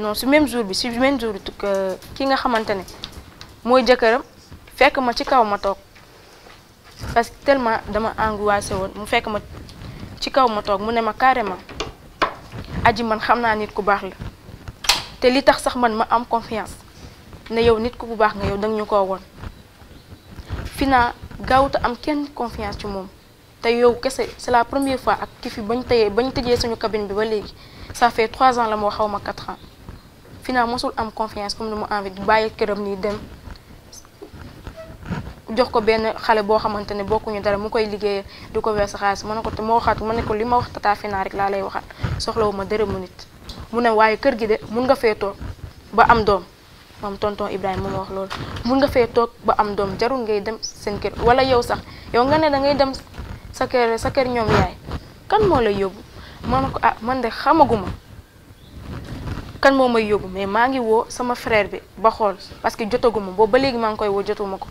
non si même jour bi si même jour bi euh, ki nga xamante ne mooy jëkkëram fekk ma ci kaw ma toog parce que tellement dama angoissé woon mu fekk ma ci kaw ma mu ne ma carrément aji man xam naa nit ku baax la te li tax sax man ma am confiance ne yow nit ku bu baax nga yow danga ñu ko woon fi naa gaawuta am kenn confiance ci moom te yow kese c'est la première fois ak ki fi bañ tëyee bañ tëjee suñu cabine bi ba léegi ça fait trois ans la moo xaw ma quatre ans final mosul am confiance comme ni mu envie di bàyyi këram nii dem jox ko benn xale boo xamante ne bokkuñu dara mu koy liggéeyee du ko weesu xaalis man ne ko te ma waxaat ma ne ko li ma wax tata final rek laa lay waxaat soxlawu ma dërëmu nit mu ne waaye kër gi de mun nga fee toog ba am doom moom tonton Ibrahima mu ma wax loolu mun nga fee toog ba am doom jarul ngay dem seen kër wala yow sax yow nga ne dangay dem sa kër sa kër ñoom yaay kan moo lay yóbbu ma ah man de xamaguma kan moo may yóbbu mais maa ngi woo sama frère bi ba xool parce que jotaguma boobu ba léegi maa ngi koy woo jotuma ko